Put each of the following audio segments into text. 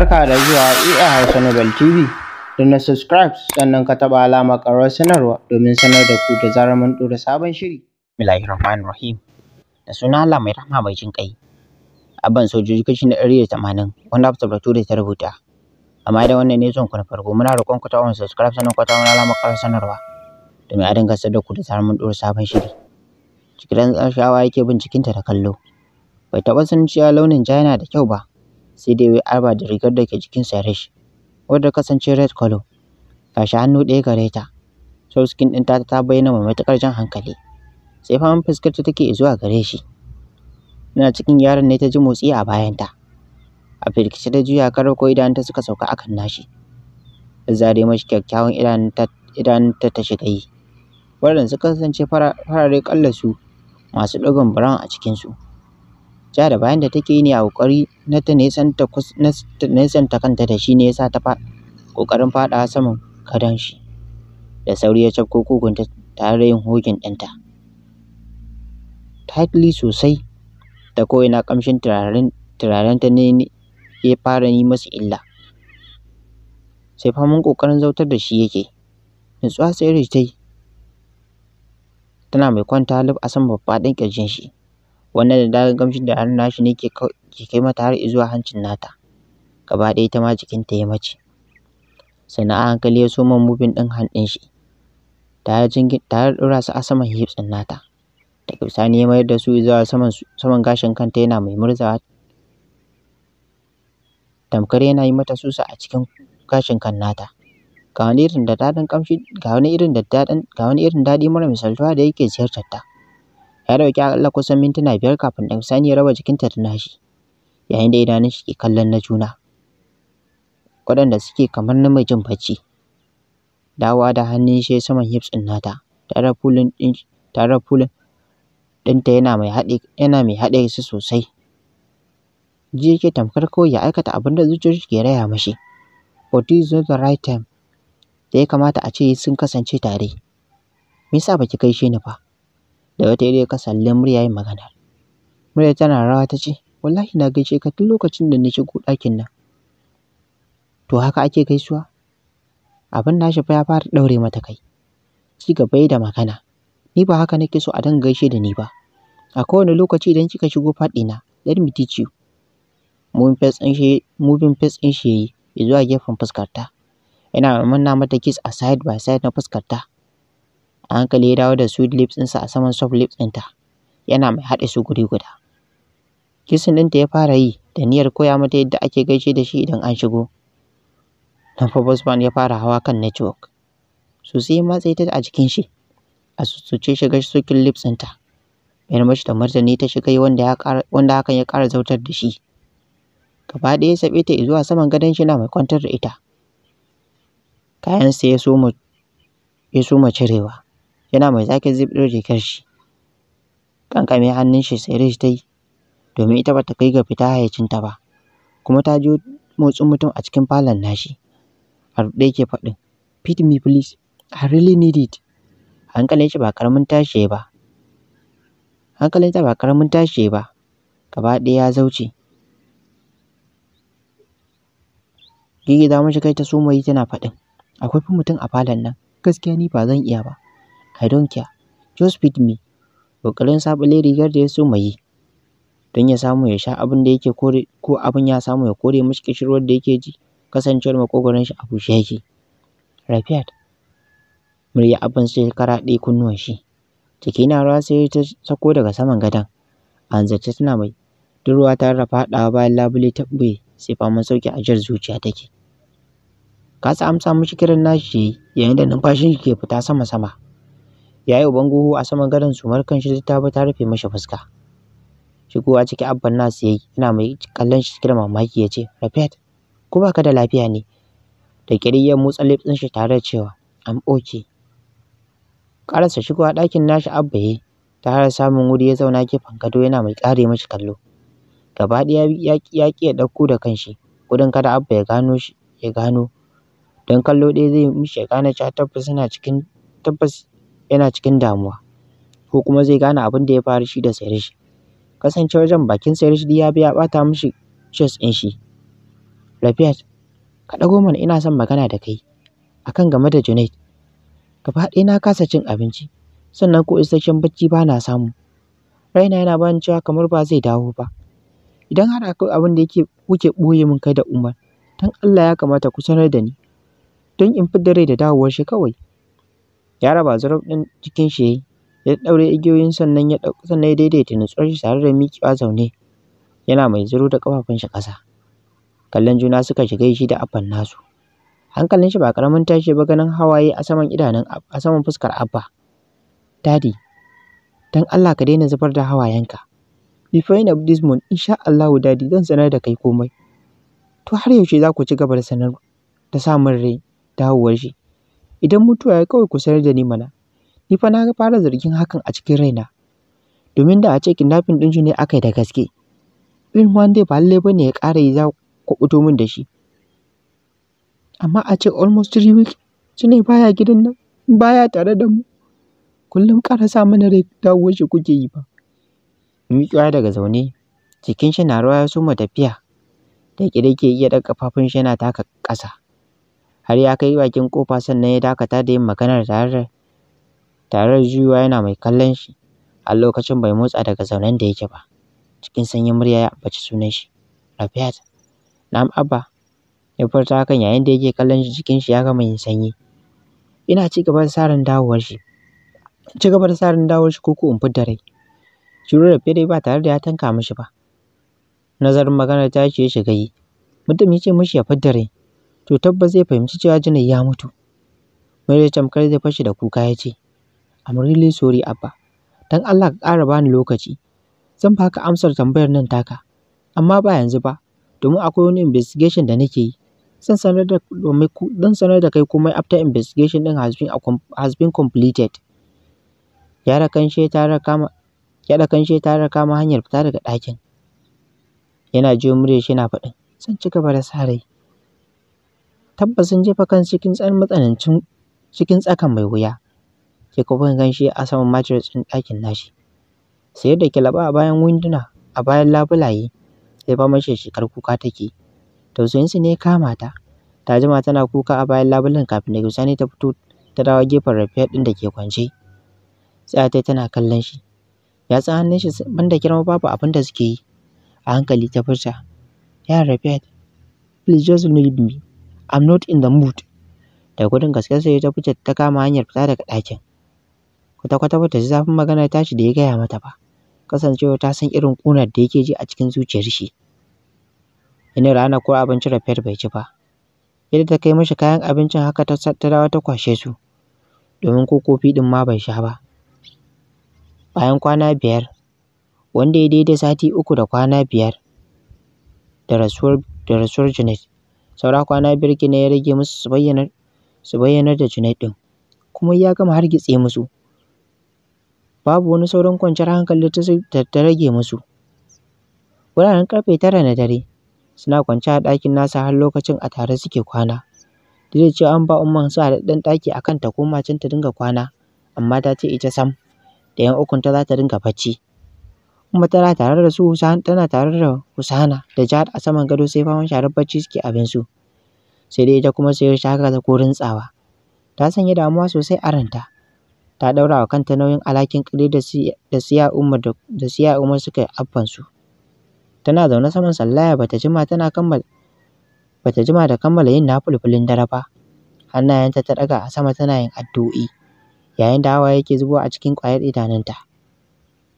Barka da zuwa EA Hausa Nobel TV. Da na subscribe sannan ka taɓa alama ƙarar sanarwa domin sanar da ku da zarar mun ɗora sabon shiri. rahim Da suna Allah mai rahama mai jin ƙai. Abban sojoji kashi na ɗari da tamanin wanda Hafsat Bature ta rubuta. Amma da wannan ne zan ku na farko muna roƙon ku ta wani subscribe sannan ku ta wani alamar sanarwa. Domin a dinga sanar da ku da zarar mun ɗora sabon shiri. Cikin shawa yake bincikinta da kallo. Bai taɓa sanin cewa launin ja yana da kyau ba. sai da wai arba da rigar da ke jikinsa rish, wadda kasance red color. Gashi hannu ɗaya gare ta, sau skin ɗin ta ta bayyana mai matuƙar jan hankali. Sai faman fuskarta take zuwa gare shi. Ina cikin yaron ne ta ji motsi a bayanta. A firkice ta juya karar ko idanunta suka sauka akan nashi. Ta zare mashi kyakkyawan idanunta ta shiga yi. Waɗanda suka kasance farare ƙalla su masu dogon brown a cikinsu. ja da bayan da take yi ne a ƙoƙari na ta nesanta kanta da shi ne ya sa ta ƙoƙarin faɗawa saman gadon shi da sauri ya cafko kugunta tare da yin hogin ɗinta tightly sosai ta ko'ina ƙamshin turaren ta ne ya fara yi masa illa sai faman ƙoƙarin zautar da shi yake nutsuwa sai ta yi tana mai kwanta lub a saman ɗin ƙirjin shi Wannan da zaran gamshin da hannun nashi ne ke kai mata har izuwa hancin nata gaba ɗaya ita ma jikinta ya mace sannan a hankali ya soma moving ɗin hand shi tare da ɗora su a saman hips ɗin nata daga bisani ya mayar da su zuwa saman saman gashin kanta yana mai murzawa tamkar yana yi mata susa a cikin gashin kan nata ga wani irin da daɗin ƙamshi ga wani irin daɗin, ga wani irin daɗi mara misaltuwa da yake ziyartar ta ya dauki akalla kusan mintuna biyar kafin dan sani ya raba jikinta da nashi yayin da idanun shi ke kallon na juna waɗanda suke kamar na mai jin bacci dawa da hannun shi saman hips ɗin nata tare pulin din tare fulin. Dinta yana mai haɗe yana mai haɗe su sosai ji yake tamkar kawai ya aikata abin da zuciyar shi ke raya mashi what is the right time da ya kamata a ce sun kasance tare me yasa baki kai shi ni ba da wata ya ka salli murya yin magana. Murya tana rawa ta ce, wallahi na gaishe ka tun lokacin da na shigo ɗakin nan. To haka ake gaisuwa? Abin nashi fa ya fara ɗaure mata kai. Ci gaba da magana. Ni ba haka nake so a dan gaishe da ni ba. A kowane lokaci idan kika shigo faɗina, let me teach you. Moving face ɗin shi yayi ya zuwa gefen fuskarta. Yana manna mata kiss a side by side na fuskarta. a hankali ya dawo da sweet lips ɗinsa a saman soft lips ɗinta yana mai haɗe su guri guda kisin ɗinta ya fara yi da niyyar koya mata yadda ake gaishe da shi idan an shigo nan fa bosman ya fara hawa kan network sai ya matse ta a jikin shi a sussuce shiga sokin lips ɗinta yar mashi da martani ta shiga wanda wanda hakan ya ƙara zautar da shi gaba ɗaya saɓe ta zuwa saman gadon shi na mai kwantar da ita kayansa ya soma ya soma cirewa yana mai zakin zip ɗin rigar shi ƙanƙame hannun shi sai Rish ta yi domin ita ba ta kai ga fita ta ba kuma ta ji motsin mutum a cikin falon nashi a ruɗe yake faɗin feed me please I really need it hankalin shi ba karamin tashi ba hankalin ta ba karamin tashi ba gaba ɗaya ya zauce girgiza shi kai ta suma tana faɗin akwai fi mutum a falon nan gaskiya ni ba zan iya ba I don't care. Just feed me. Ƙoƙarin saɓale rigar da ya so yi don ya samu ya sha abin da yake kore ko abin ya samu ya kore mashi ƙishirwar da yake ji kasancewar maƙogwaron shi a bushe yake. Rafiat murya abin sai karaɗe kunnuwan shi. Jiki na ruwa sai ta sako daga saman gadon. A hanzarce tana mai durwa ta da faɗawa bayan labule ta ɓuye sai faman sauki ajiyar zuciya take. Kasa amsa mishi kiran nashi yayin da numfashin shi ke fita sama-sama. yayi uban bango a saman gadon su markan shi ta ta rufe mashi fuska shigowa ciki abban nasu yayi ina mai kallon shi cikin mamaki yace rafet ko baka da lafiya ne da kiriyar motsa lipsin shi tare da cewa am oke karasa shigowa ɗakin nashi abba yayi tare da samun wuri ya zauna gefen gado yana mai kare mashi kallo gaba ɗaya ya ƙi ya ɗauko da kanshi gudun kada abba ya gano shi ya gano don kallo ɗaya zai mishi ya gane cewa tabbas yana cikin tabbas yana cikin damuwa ko kuma zai gane abin da ya faru shi da sayar shi? Kasancewar jan bakin sayar shi ya bi ya ɓata mishi chest ɗin shi. rabiat ka ɗago mana ina son magana da kai akan game da Junaid. Gaba ɗaya na kasa cin abinci sannan ko isasshen bacci ba na samu. Raina yana bani cewa kamar ba zai dawo ba. Idan har akwai abin da yake kuke ɓoye min kai da Umar, dan Allah ya kamata ku sanar da ni don in fidda rai da dawowar shi kawai. Ya raba zurf ɗin jikin shi yayi, ya ɗaure igiyoyin sannan ya daidaita nutsuwar shi tare da miƙewa zaune yana mai zuro da ƙafafun shi ƙasa. Kallon juna suka shiga shi da Abban nasu. Hankalin shi ba ƙaramin tashi ba ganin hawaye a saman idanun a saman fuskar Abba. Dadi. dan Allah ka daina zubar da hawayenka. Before end of this month, insha Allahu daddy zan sanar da kai komai. To har yaushe za ku ci gaba da sanar da samun rai rai dawowar shi? Idan mutuwa ya kawai ku da ni mana. Ni fa na fara zargin hakan a cikin raina. Domin da a ce kidnapping ɗin shi ne aka yi da gaske. Irin wannan ba lallai ba ne ya ƙara yi za ku kuɓuto min da shi. Amma a ce, almost three weeks Sule baya gidan nan, baya tare da mu. Kullum ƙara sa mana rai dawowar shi kuke yi fa. Miƙewa daga zaune, jikin shi na rawa ya soma tafiya. Da ƙyar yake iya ɗaga ƙafafun shi yana taka ƙasa. har ya kai bakin kofa sannan ya dakata da yin magana tare da tare juyuwa yana mai kallon shi a lokacin bai motsa daga zaunen da yake ba cikin sanyin murya ya ambaci sunan shi Rafiat na'am abba ya furta hakan yayin da yake kallon shi jikin shi ya gama yin sanyi ina ci gaba da sarin dawowar shi ci gaba da sarin dawowar shi koko in fidda rai shiru da fere ba tare da ya tanka mishi ba nazarin maganar ta ce ya shiga yi mutum ya ce mishi ya fidda rai to tabbas zai fahimci cewa Janet ya mutu. Maryam tamkar zai fashe da kuka ya ce, I'm really sorry Abba, don Allah ka ƙara bani lokaci. Zan baka amsar tambayar nan taka, amma ba yanzu ba, domin akwai wani investigation da nake yi. Zan sanar da sanar da kai komai after investigation din has been, has been completed. Ya kanshe ta kama yada kama hanyar fita daga ɗakin. Yana jiyo muryar shi yana faɗin, zan ci gaba da sa rai. tabbas sun jefa kan cikin matsanancin cikin tsakan mai wuya. kofin ganshi a saman mattress ɗin ɗakin nashi. Sayar da kilaba a bayan winduna, a bayan labulaye, sai mace shekar kuka take. Tausayinsu ne kama ta. Ta jima tana kuka a bayan labulen kafin daga bisani ta fito ta dawo gefen rafiyar ɗin da ke kwance. Tsaya tai tana kallon shi. Ya san hannun shi banda girma babu abin da suke yi. A hankali ta furta. Yaya Rafiyat, please just leave me. I'm not in the mood. Da gudun gaske sai ta fice ta kama hanyar fita daga ɗakin. Kwata-kwata ba ta ji zafin maganar tashi da ya gaya mata ba. Kasancewa ta san irin ƙunar da yake ji a cikin zuciyar shi. Ina rana ko abinci Rafiyar bai ci ba. Yadda ta kai mashi kayan abincin haka ta dawo ta kwashe su. Domin ko kofi ɗin ma bai sha ba. Bayan kwana biyar, wanda ya daidai sati uku da kwana biyar da rasuwar da Saura kwana biyar kenan ya rage musu su bayyanar su bayyanar da Junaid ɗin. Kuma ya gama hargitse musu. Babu wani sauran kwanciyar hankali da ta rage musu. Wuraren ƙarfe tara na dare suna kwance a ɗakin nasa har lokacin a tare suke kwana. Duk da cewa an ba Umman su haɗaɗɗen ɗaki a kan ta koma ta dinga kwana, amma ta ce ita sam da ‘yan ukunta za ta dinga bacci. kuma tana tare da su tana tare da Husana da jad a saman gado sai faman sharar bacci suke abin su. Sai dai ita kuma sai ta gaza ko rintsawa. Ta sanya damuwa sosai a ranta. Ta ɗaura wa kanta nauyin alhakin kare da siya Umma da siya Umar suka abban su. Tana zaune saman sallaya bata jima tana kammala bata jima da kammala yin nafulfulin dare ba. Hannayenta ta ɗaga a sama tana yin addu'o'i yayin da hawa yake zubo a cikin kwayar idanunta.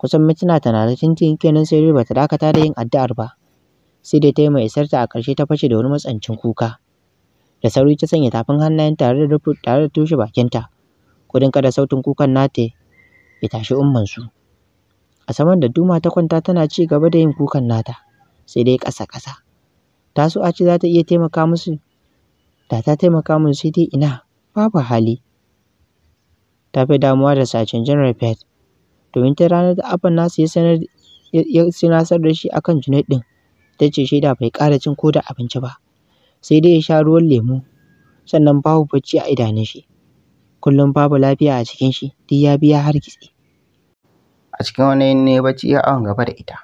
Kusan mintuna talatin tin kenan sai ba ta dakata da yin addu'ar ba. Sai dai ta yi mai isarta a ƙarshe ta fashe da wani matsancin kuka. Da sauri ta sanya tafin hannayen tare da tare da tushe bakinta. kada sautin kukan nata ya tashi ummansu. A saman da duma ta kwanta tana ci gaba da yin kukan nata. Sai dai ƙasa-ƙasa. Ta so a ce za ta iya taimaka musu. Da ta taimaka musu sai dai ina babu hali. ta fi damuwa da sacin General Pet domin ta ranar da abban nasu ya sanar ya sanar da shi akan Junaid ɗin ta ce shaida bai ƙara cin ko da abinci ba sai dai ya sha ruwan lemu sannan babu bacci a idanun shi kullum babu lafiya a cikin shi duk ya biya har kitse a cikin wani ne bacci ya awon gaba da ita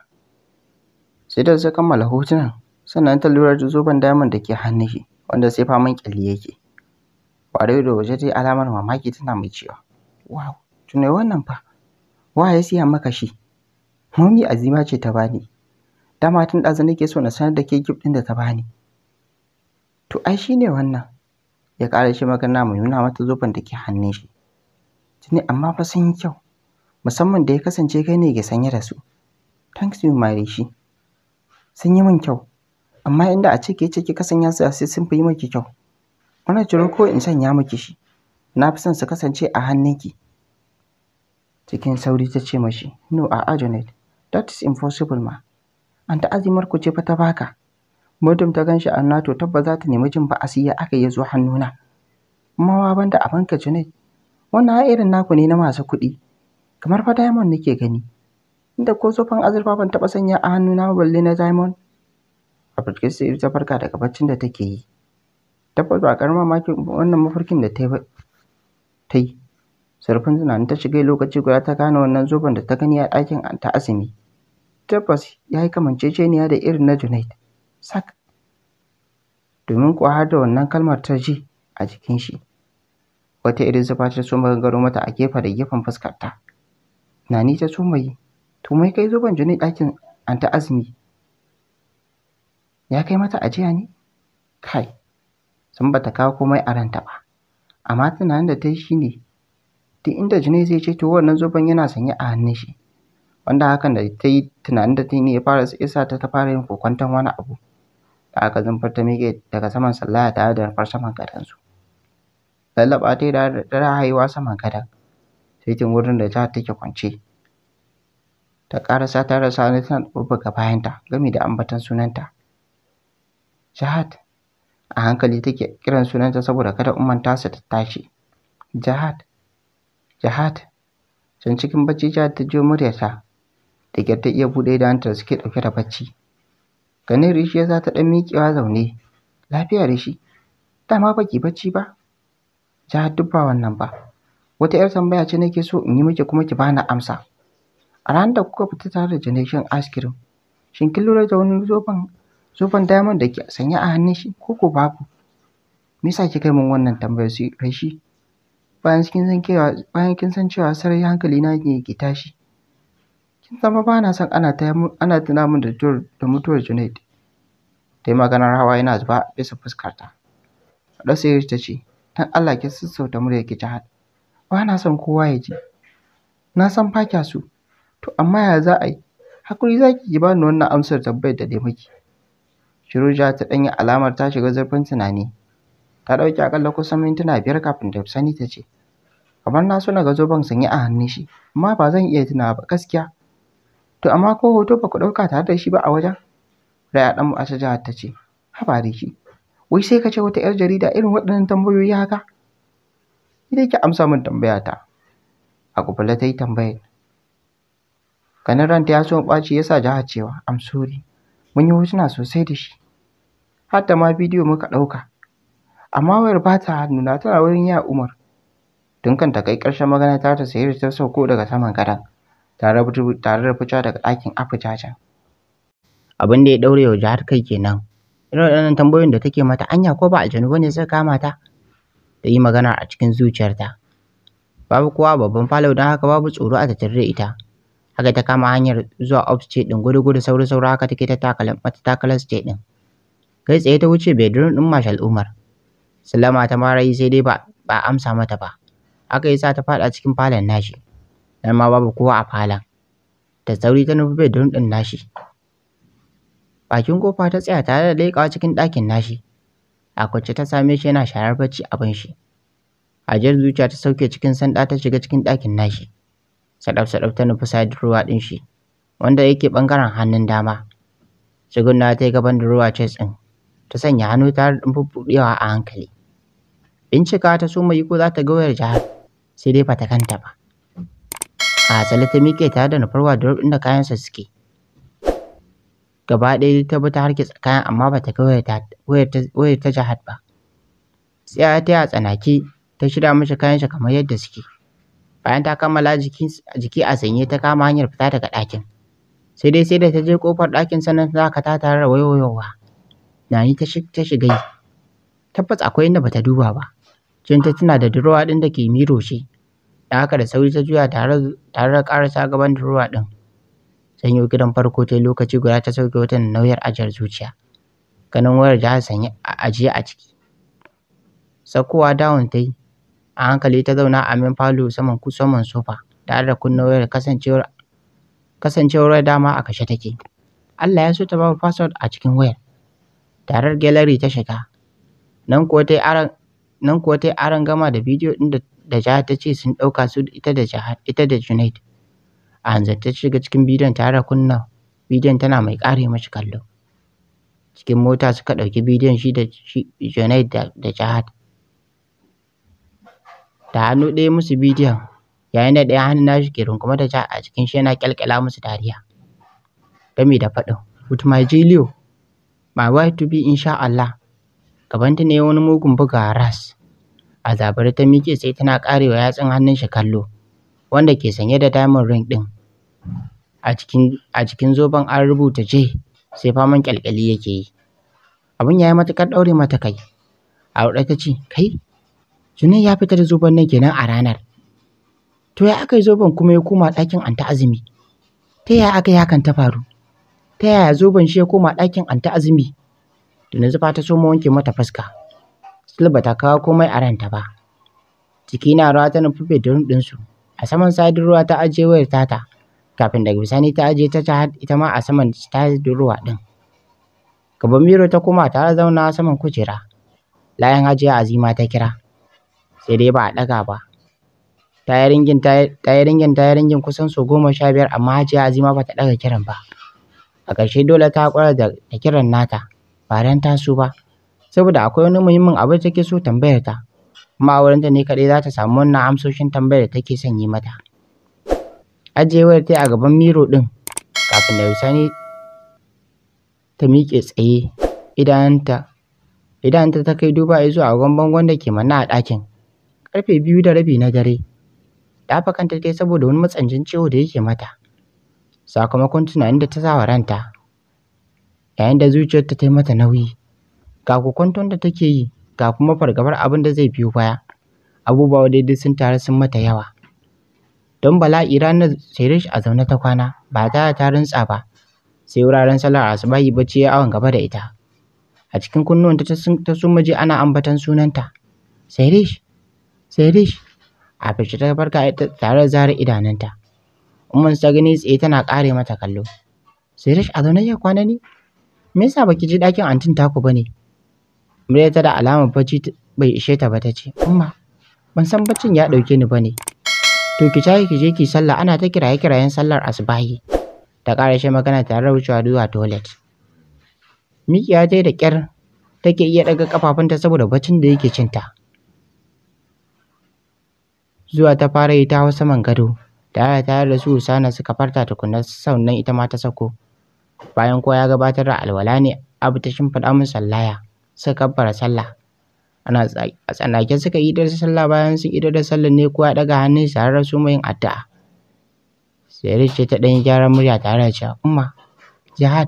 sai da suka kammala hotunan sannan ta lura da zoben diamond da ke hannun shi wanda sai faman kyalli yake ba da waje dai alamar mamaki tana mai cewa wow tunai wannan fa Wa ya siya maka shi? Mummy Azima ce ta bani. Dama tun ɗazu nake so na sanar da ke gift ɗin da ta bani. To ai shine wannan. Ya ƙara shi magana mu nuna mata zoben da ke hannun shi. Tuni amma fa sun yi kyau. Musamman da ya kasance kai ne ke sanye da su. Thanks you my shi. Sun yi min kyau. Amma inda a ce ke ce kika sanya su sai sun fi yi miki kyau. Muna jiro ko in sanya miki shi. Na fi son su kasance a hannunki. Cikin sauri ta ce mashi, No, a'a ajonet that is impossible ma. An ta azimar ku ce fa ta baka. Muddin ta ganshi a nato tabba za ta nemi jin ba asiya aka yi zo hannuna. Mawa banda a banka junet wannan ha irin naku ne na masu kuɗi. Kamar fa diamond nake gani. Inda ko tsofan azurfa ban taɓa sanya a hannuna balle na diamond. A sai ta farka daga baccin da take yi. Tabbas ba ƙaramar makin wannan mafarkin da ta yi. Zurfin tunanin ta shiga lokaci guda ta gane wannan zoben da ta gani a ɗakin ta Azumi. Tabbas ya yi kamanceceniya da irin na Junaid. Sak. Domin kuwa har da wannan kalmar ta ji a jikin shi. Wata irin zuba ta so magangaro mata a gefe da gefen fuskarta. Nani ta so mai, to mai kai zoben jini ɗakin ta Azumi. Ya kai mata ajiya ne? Kai, sun ta kawo komai a ranta ba. Amma tunanin da ta yi shi ne duk inda jini zai ce to wannan zoben yana sanye a hannun shi wanda hakan da ta yi tunanin da ta yi ne ya fara isa ta ta fara yin kokwanton wani abu da aka zumfar ta miƙe daga saman sallaya tare da rufar saman su lallaba ta yi da haihuwa saman gadon sai tun wurin da ta take kwance ta karasa ta rasa ne tana bubbuga bayanta gami da ambatan sunanta jihad a hankali take kiran sunanta saboda kada umman su ta tashi jihad Jihad. Can cikin bacci Jihad ta jiyo muryarta da ƙyar ta iya buɗe idanunta da suke ɗauke da bacci. Ganin Rishi ya za ta ɗan miƙewa zaune. Lafiya Rishi, dama baki bacci ba? Jihad duk ba wannan ba. Wata 'yar tambaya ce nake so in yi miki kuma ki bani amsa. A ranar da kuka fita tare da Jane shan ice cream, shin kin lura da wani zoben zoben diamond da ke sanye a hannun shi ko ko babu? Me yasa kika yi min wannan tambayar shi? bayan kin san cewa sarai hankali na ne ke tashi kin san ba na son ana ta ana tuna min da mutuwar da mutuwar Junaid dai maganar hawa yana zuba bisa fuskar ta Rasayar ta ce dan Allah ki sassauta murya ki ta na son kowa ya ji na san fa kya to amma ya za a yi hakuri zaki ki bani wannan amsar tabbai da dai miki Shiruja ta danyi alamar ta shiga zurfin tunani ta ɗauki akalla kusan mintuna biyar kafin ta sani ta ce kamar na so na ga zoben sanye a hannu shi amma ba zan iya tunawa ba gaskiya to amma ko hoto ba ku ɗauka tare da shi ba a wajen raya ɗanmu a jihar ta ce haba da shi wai sai ka ce wata 'yar jarida irin waɗannan tambayoyi haka ita ki amsa min tambaya ta a kubula ta yi tambayar ganin ranta ya so ɓaci ya sa jihar cewa am mun yi hotuna sosai da shi hatta ma bidiyo muka ɗauka amma wayar ba ta nuna tana wurin ya Umar. Tun kan ta kai ƙarshen magana ta ta sayar ta sauko daga saman gadon tare da fita daga ɗakin aficaca. Abin da ya ɗaure wa jihar kai kenan. Irin waɗannan tambayoyin da take mata anya ko ba aljanu bane suka kama ta? Ta yi magana a cikin zuciyarta. Babu kowa babban falo don haka babu tsoro a tattare da ita. Haka ta kama hanyar zuwa upstate din gudu-gudu sauri-sauri haka take ta takalar state ɗin. Kai tsaye ta wuce bedroom din Marshal Umar. Sallama ta mara yi sai dai ba ba amsa mata ba. yi sa ta fada cikin falon nashi. Nan ma babu kowa a falon. Da sauri ta nufi bai ɗin nashi. Bakin kofa ta tsaya tare da leƙawa cikin ɗakin nashi. A kwance ta same shi yana sharar bacci abin shi. Hajiyar zuciya ta sauke cikin sanda ta shiga cikin ɗakin nashi. sadaf sadaf ta nufi side ruwa ɗin shi, wanda yake bangaren hannun dama. Tsugunna ta yi gaban ruwa ce ɗin, ta sanya hannu tare da bubbuɗewa a hankali. Bincika ta soma yi ko za ta ga wayar jihar sai dai fata kanta ba. A asali ta miƙe tare da nufar da inda kayansa suke. Gaba ɗaya ta bi ta harke kayan amma ba ta ga wayar ta jihar ba. Tsaya ta yi a tsanake ta shirya mishi kayansa kamar yadda suke. Bayan ta kammala jiki a sanye ta kama hanyar fita daga ɗakin. Sai dai sai da ta je kofar ɗakin sannan ta tare da wayoyowa. ni ta shiga yi. Tabbas akwai inda bata duba ba. Jin ta tuna da durowa ɗin da ke miro shi. da haka da sauri ta juya tare da ƙarasa gaban durowa ɗin. Sanyo gidan farko ta lokaci guda ta sauke wata nauyar ajiyar zuciya. Ganin wayar da Hassan a ajiye a ciki. Sakowa dawon ta yi, a hankali ta zauna a min falo saman kusurman sofa tare da kunna wayar kasancewar kasancewar dama a kashe take. Allah ya so ta babu password a cikin wayar. Tarar gallery ta shiga. Nan kuwa ta yi aron nan kuwa ta yi gama da bidiyo ɗin da Jihar ta ce sun ɗauka su ita da Junaid. A hanzarta ta shiga cikin bidiyon tare da kunna bidiyon tana mai ƙare mashi kallo. Cikin mota suka ɗauki bidiyon shi da Junaid da Jihar. Da hannu ɗaya musu bidiyon yayin da ɗaya hannun nashi ke rungume da Jihar a cikin shi yana ƙyalƙyala musu dariya. Gami da faɗin, with my Jilio, my wife to be insha Gabanta ne wani mugun buga ras. A zabare ta miƙe tsaye tana ƙarewa yatsun hannun shi kallo, wanda ke sanye da diamond ring ɗin. A cikin a cikin zoben an rubuta J sai faman ƙyalƙyali yake yi. Abin ya yi matuƙar ɗaure mata kai. A ruɗe ta ce, kai, Junaid ya fitar da zoben nan kenan a ranar. To ya aka yi zoben kuma ya koma ɗakin Anta Azumi? Ta yaya aka yi hakan ta faru? Ta yaya zoben shi ya koma ɗakin Anta Azumi? da na fa ta mu wanke mata fuska still ba ta kawo komai a ranta ba ciki na rawa ta nufi da rundunsu. a saman sadin ruwa ta ajiye wayar tata kafin daga bisani ta ajiye ta har ita ma a saman sadin ruwa ɗin gaban miro ta koma tare zauna saman kujera layan hajiya azima ta kira sai dai ba a ɗaga ba ta yi ringin ta yi kusan sau goma sha biyar amma hajiya azima ba ta ɗaga kiran ba a ƙarshe dole ta haƙura da kiran nata ba don so ba saboda akwai wani muhimmin abu da take so tambayar ta kuma a wurinta ne kaɗai za ta samu wannan amsoshin tambayar da take son yi mata ajiye wayar ta a gaban miro ɗin kafin da bisani ta miƙe tsaye idananta idananta ta kai duba zuwa agon bangon da ke manna a ɗakin Karfe biyu da rabi na dare dafa kanta ta saboda wani matsancin ciwo da yake mata sakamakon tunanin da ta sa wa ranta yayin da zuciyarta ta yi mata nauyi ga kwanton da take yi ga kuma fargabar abin da zai biyo baya abubuwa daidai sun taru sun mata yawa don Bala bala'i ranar Shirish a zaune ta kwana ba ta ta rintsa ba sai wuraren sallar asubahi bacci ya awon gaba da ita a cikin kunnuwanta ta sumaje ana ambaton sunanta Shirish Shirish a fice ta farka tare da zara idanunta umman ta gani tsaye tana kare mata kallo Shirish a zaune ya kwana ne me yasa baki je dakin antin taku bane ne? Murya ta da alamar bacci bai ishe ta ba ta ce, Umma, ban san baccin ya dauke ni bane ne. To ki tashi ki je ki sallah ana ta kiraye kirayen sallar asbahi Ta ƙara shi magana tare da wucewa zuwa toilet. Mikiya ta da ƙyar take iya ɗaga ƙafafunta saboda baccin da yake cinta. Zuwa ta fara yi ta hau saman gado, da da tare da su Usana suka farta tukunna sannan ita ma ta sako. bayan kowa ya gabatar da alwala ne abu ta shimfiɗa min sallaya suka kabbara sallah ana a tsanake suka yi idar sallah bayan sun idar da sallah ne kowa daga hannun sa har su mai addu'a sai rice ta ɗan gyaran murya tare da cewa umma jihad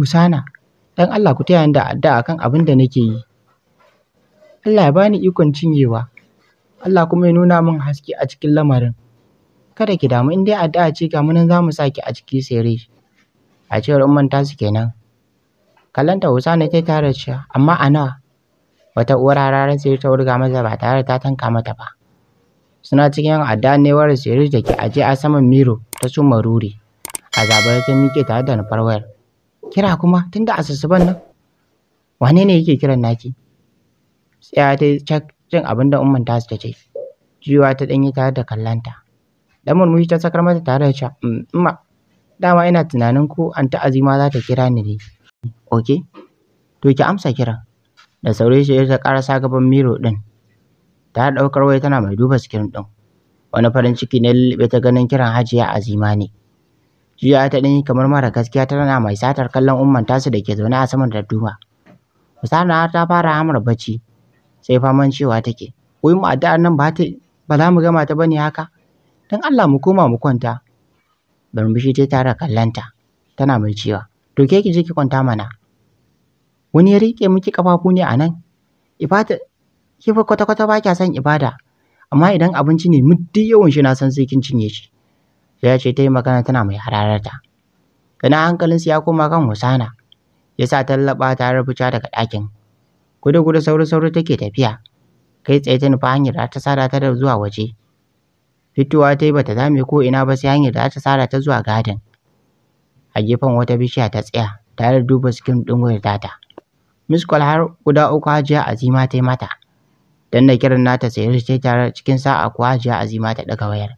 husana dan Allah ku taya ni da addu'a kan abin da nake yi Allah ya bani ikon cinyewa Allah kuma ya nuna min haske a cikin lamarin kada ki damu in dai addu'a ce ga munan za mu saki a ciki sai a cewar umman tasu kenan kallonta Husana ta tare shi, amma ana wata uwar hararar sai ta wurga mata ba tare ta tanka mata ba suna cikin adda ne wayar da ke aje a saman miro ta su ruri a zabar ta miƙe tare da nufar wayar kira kuma tunda a sussuban nan wane ne yake kiran naki ya ta cak jin abin da umman tasu ta ce jiwa ta danyi tare da kallanta dan murmushi ta sakar mata tare da cewa mm, Dama ina tunanin ko an Azima za ta kira ni ne. Ok? To ki amsa kiran. Da saurayi shi ta karasa gaban miro ɗin. Ta ɗaukar wai tana mai duba sikirin ɗin. Wani farin ciki ne lullube ta ganin kiran Hajiya Azima ne. Jiya ta dani kamar mara gaskiya tana mai satar kallon umman tasu da ke zaune a saman dadduma. Husana ta fara hamar bacci sai faman cewa take. Wai mu addu'ar nan ba ta ba za mu gama ta bane haka? Dan Allah mu koma mu kwanta. murmushi ta tare kallanta tana mai cewa to ke ki je ki kwanta mana wani ya rike miki kafafu ne a nan ibada ki fa kwata kwata ba kya son ibada amma idan abinci ne muddi yawan shi na san sai kin cinye shi sai ya ce ta yi magana tana mai hararata kana hankalinsa ya koma kan husana ya sa tallaba ta rubuta daga ɗakin gudu gudu sauri sauri take tafiya kai tsaye ta nufa hanyar ta sada ta da zuwa waje Fitowa ta yi bata dame ko ina ba sai hanyar da za ta sara ta zuwa gadin. A gefen wata bishiya ta tsaya tare da duba cikin ɗin wayar Miss Miskol har guda uku Hajiya Azima ta yi mata. Danna kiran nata sayar ta tare cikin sa'a kuwa Hajiya Azima ta daga wayar.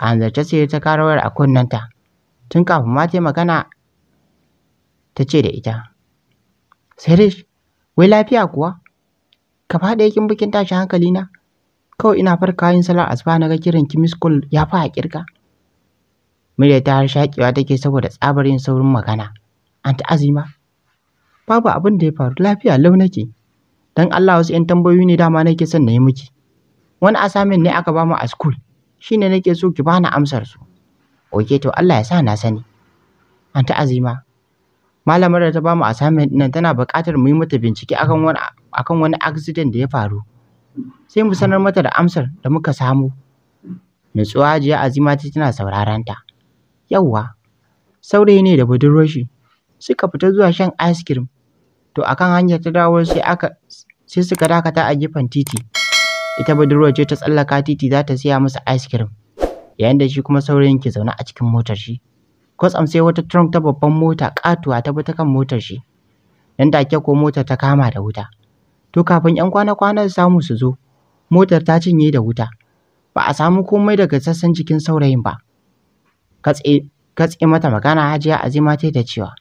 A hanzarta sayar ta kara wayar a kunnenta. Tun kafin ma ta yi magana ta ce da ita. Sayarish, wai lafiya kuwa? Ka faɗa yakin bikin tashi hankali na? kawai ina farka yin salar asuba na ga kiran ki miss call ya fa a kirga murya ta har shakewa take saboda tsabar yin saurin magana anta azima babu abin da ya faru lafiya lau nake dan Allah wasu 'yan tambayoyi ne dama nake son na yi miki wani assignment ne aka bamu a school shine nake so ki bani amsar su oke to Allah ya sa na sani anta azima malamar da ta bamu assignment din tana buƙatar mu yi mata bincike akan wani akan wani accident da ya faru sai mu sanar mata da amsar da muka samu nutsuwa jiya azima ta tana sauraron ta yawwa saurayi ne da budurwashi. suka fita zuwa shan ice cream to akan hanyar ta dawo sai aka sai suka dakata a gefen titi ita budurwar ce ta tsallaka titi za ta siya musu ice cream yayin da shi kuma saurayin ke zaune a cikin motar shi kwatsam sai wata trunk ta babban mota katuwa ta bi ta kan motar shi nan take ko motar ta kama da wuta to kafin 'yan kwana-kwanan samu su zo motar ta cinye da wuta ba a samu komai daga sassan jikin saurayin ba katse mata magana hajiya azima ta da cewa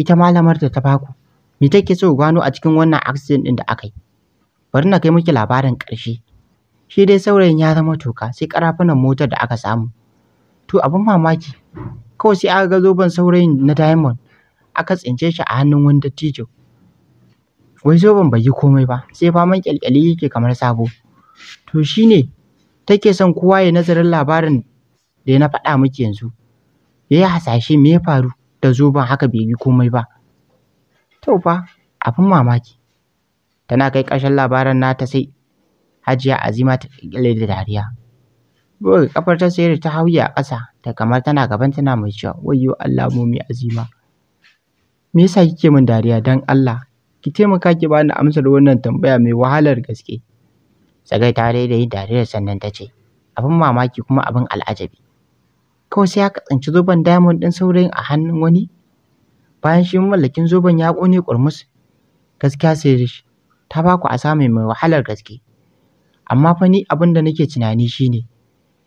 ita malamar da ta baku me take so gano a cikin wannan accident ɗin da aka yi bari na kai miki labarin ƙarshe shi dai saurayin ya zama toka sai karafunan motar da aka samu to abin mamaki kawai sai aka ga zoben saurayin na diamond aka tsince shi a hannun wani dattijo wai zoben bai yi komai ba sai faman kyalkyali yake kamar sabo to shi ne take son kowa ya nazarin labarin da ya na faɗa miki yanzu ya yi hasashe me ya faru da zoben haka bai yi komai ba to fa abin mamaki tana kai ƙarshen labaran nata sai hajiya azima ta ƙyalƙyale da dariya buga kafar ta sayar ta hauya a ƙasa da kamar tana gaban tana mai cewa wayyo Allah mu mai azima me yasa kike min dariya dan Allah ki taimaka ki bani amsar wannan tambaya mai wahalar gaske. Sagai ta daida yin dariyar sannan ta ce, abin mamaki kuma abin al'ajabi. Kawai sai ya tsinci zoben diamond ɗin saurayin a hannun wani? Bayan shi mallakin zoben ya ƙone kurmus. gaskiya shi. ta ba ku asa mai wahalar gaske. Amma fa ni abin da nake tunani shine,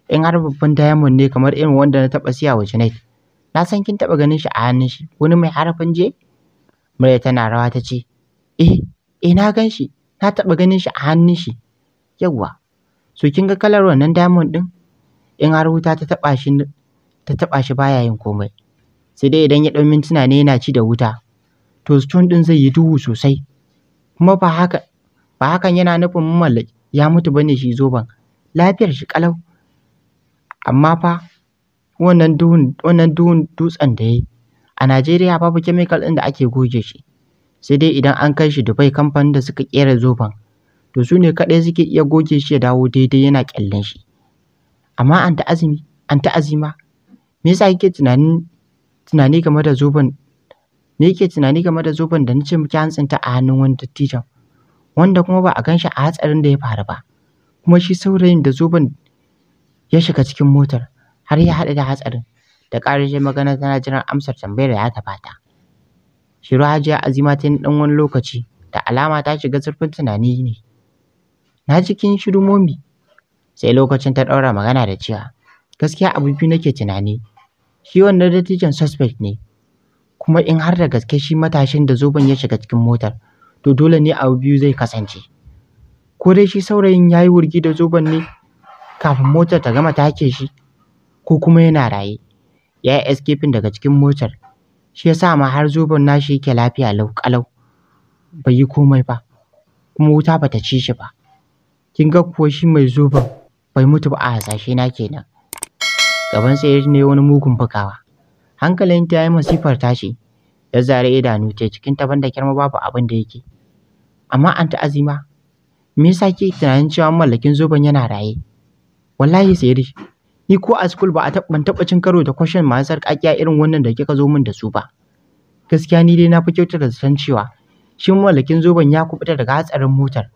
in har babban diamond ne kamar irin wanda na taɓa siya wa Junaid, na san kin taɓa ganin shi a hannun shi wani mai harafin je? Murya tana rawa ta ce, Eh, eh na gan shi, na taɓa ganin shi a hannun shi. Yawwa, so kin ga kalar wannan diamond ɗin? In har wuta ta taɓa shi ta taɓa shi baya yin komai. Sai dai idan ya ɗau mintuna ne yana ci da wuta, to stone ɗin zai yi duhu sosai. Kuma ba haka ba hakan yana nufin mallaki ya mutu bane shi zoben. Lafiyar shi ƙalau. Amma fa wannan duhun wannan duhun dutsen da yayi a Najeriya babu chemical ɗin da ake goge shi. sai dai idan an kai shi Dubai kamfanin da suka kera zoben to su ne kaɗai suke iya goge shi ya dawo daidai yana ƙyallen shi amma an ta azumi an ta azima me yasa kike tunanin tunani game da zoben me yake tunani game da zoben da nace miki hantsinta a hannun wani dattijan wanda kuma ba a ganshi a hatsarin da ya faru ba kuma shi saurayin da zoben ya shiga cikin motar har ya haɗu da hatsarin da ƙarar magana tana jiran amsar tambayar da ya gabata. Shiru Hajiya Azima ta yi ɗan wani lokaci, da alama ta shiga zurfin tunani ne. Na ji kin shiru momi. Sai lokacin ta ɗaura magana da cewa, gaskiya abu biyu nake tunani. Shi wannan dattijan suspect ne, kuma in har da gaske shi matashin da zoben ya shiga cikin motar, to dole ne abu biyu zai kasance. Ko dai shi saurayin ya yi wurgi da zoben ne kafin motar ta gama take shi, ko kuma yana raye. Ya yi escaping daga cikin motar shi ya sa ma har zoben nashi yake lafiya lau ƙalau bai yi komai ba kuma wuta ba ta ci shi ba kin ga kuwa shi mai zoben bai mutu ba a hasashe na kenan gaban sai ne wani mugun bugawa hankalin ta yi masifar tashi ya zare idanu ta cikin taban da kirma babu abin da yake amma an ta azima me yasa ke tunanin cewa mallakin zoben yana raye wallahi sai ni ko a school ba a ban taɓa cin karo da question masu sarƙaƙiya irin wannan da kika zo min da su ba gaskiya ni dai na fi kyautar da san cewa shi mallakin zoben ya kubuta daga hatsarin motar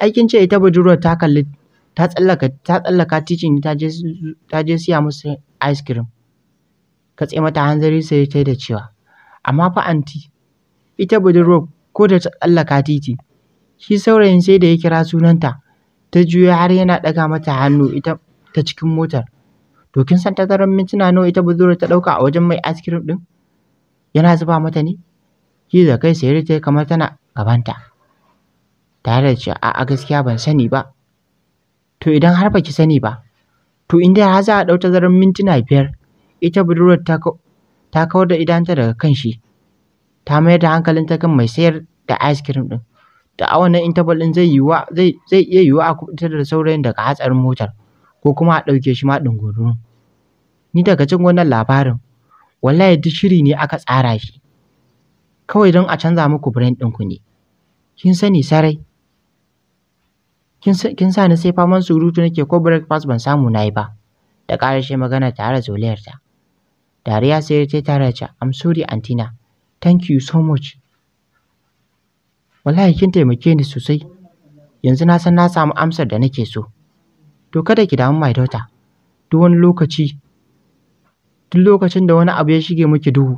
aikin ce ita budurwar ta kalli ta tsallaka ta tsallaka titin ta je ta je siya musu ice cream ka tsaye mata hanzari sai ta da cewa amma fa anti ita budurwar ko da ta tsallaka titi shi saurayin sai da ya kira sunanta ta juya har yana ɗaga mata hannu ita ta cikin motar. To kin san tazarar mintuna nawa ita budurwar ta dauka a wajen mai ice cream ɗin? Yana zuba mata ne? Ki da kai sayar ta kamar tana gabanta. Tare da cewa a gaskiya ban sani ba. To idan har baki sani ba, to inda dai za a ɗau tazarar mintuna biyar, ita budurwar ta ta kawar da idanta daga kan shi ta mayar da ta kan mai sayar da ice cream ɗin da a interval din zai yiwuwa zai iya yiwuwa a kubutar da saurayin daga hatsarin motar ko kuma a ɗauke shi ma ɗungurun. Ni daga cikin wannan labarin, wallahi duk shiri ne aka tsara shi. Kawai don a canza muku brand ɗinku ne. Kin sani sarai. Kin sa ni sai faman surutu nake ko breakfast ban samu na yi ba. Da ƙarashe magana tare da ta Dariya sai ta tare ta, I'm sorry Antina, thank you so much. Wallahi kin taimake ni sosai. Yanzu na san na samu amsar da nake so. to kada ki damu my daughter duk wani lokaci duk lokacin da wani abu ya shige miki duhu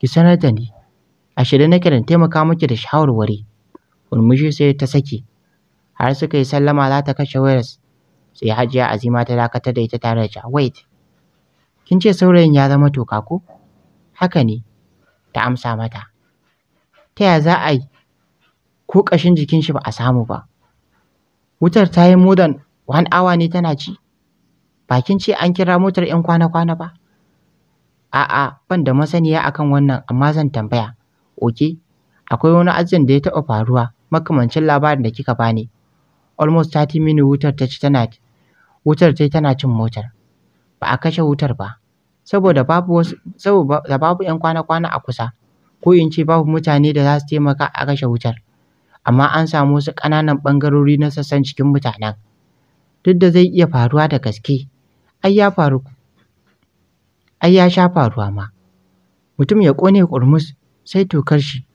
ki sanar da ni a shirye nake da taimaka miki da shawarwari murmushi sai ta saki har suka yi sallama za ta kashe wayar sai hajiya azima ta dakatar da ita tare da ta wait kin ce saurayin ya zama toka ko haka ne ta amsa mata ta ya za a yi ko kashin jikin shi ba a samu ba wutar ta yi more One hour ne tana ci? Ba kin ce an kira motar 'yan kwana-kwana ba? A'a, ban da masaniya akan wannan amma zan tambaya. Oke, akwai wani ajin da ya taɓa faruwa makamancin labarin da kika bani. Almost 30 minutes wutar ta ci tana wutar ta tana cin motar. Ba a kashe wutar ba. Saboda babu saboda babu 'yan kwana-kwana a kusa. Ko in ce babu mutane da za su taimaka a kashe wutar. Amma an samu wasu ƙananan ɓangarori na sassan cikin mutanen. duk da zai iya faruwa da gaske ai ya faru ai ya sha faruwa ma mutum ya ƙone ƙurmus sai tokar shi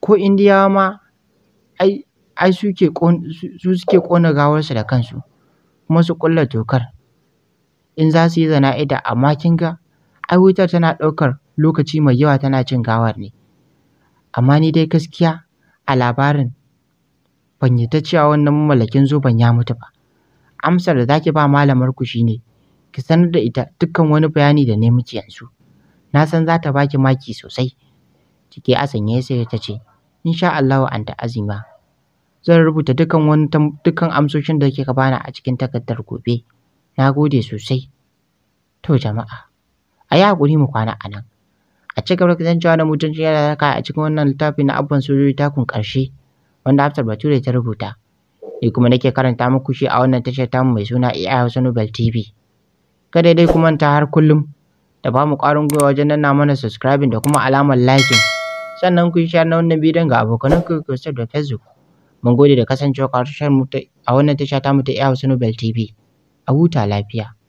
ko indiyawa ma ai su suke ƙona gawarsu da kansu kuma su ƙulla tokar in za su yi zana'ida amma kin ga ai wutar tana ɗaukar lokaci mai yawa tana cin gawar ne amma ni dai gaskiya a labarin ban yi ta cewa wannan mamallakin zoben ya mutu ba amsar da zaki ba malamar ku shine ki sanar da ita dukkan wani bayani da ne miki yanzu na san za ta baki maki sosai cike a sanye sai ta ce insha Allahu anta azima zan rubuta dukkan wani dukkan amsoshin da kika bani a cikin takardar gobe na gode sosai to jama'a a yi hakuri mu kwana a nan a ci gaba da cewa da mutunci yana a cikin wannan littafi na abban sojoji takun ƙarshe wanda Hafsat Bature ta rubuta ni kuma nake karanta muku shi a wannan tashar tamu mai suna AI Hausa Nobel TV. Kada dai ku ta har kullum da ba mu ƙwarin gwiwa wajen nanna mana subscribing da kuma alamar like. Sannan ku share na wannan bidiyon ga abokanan ku da Facebook. Mun gode da kasancewa a wannan tasha tamu ta AI Hausa Nobel TV. A huta lafiya.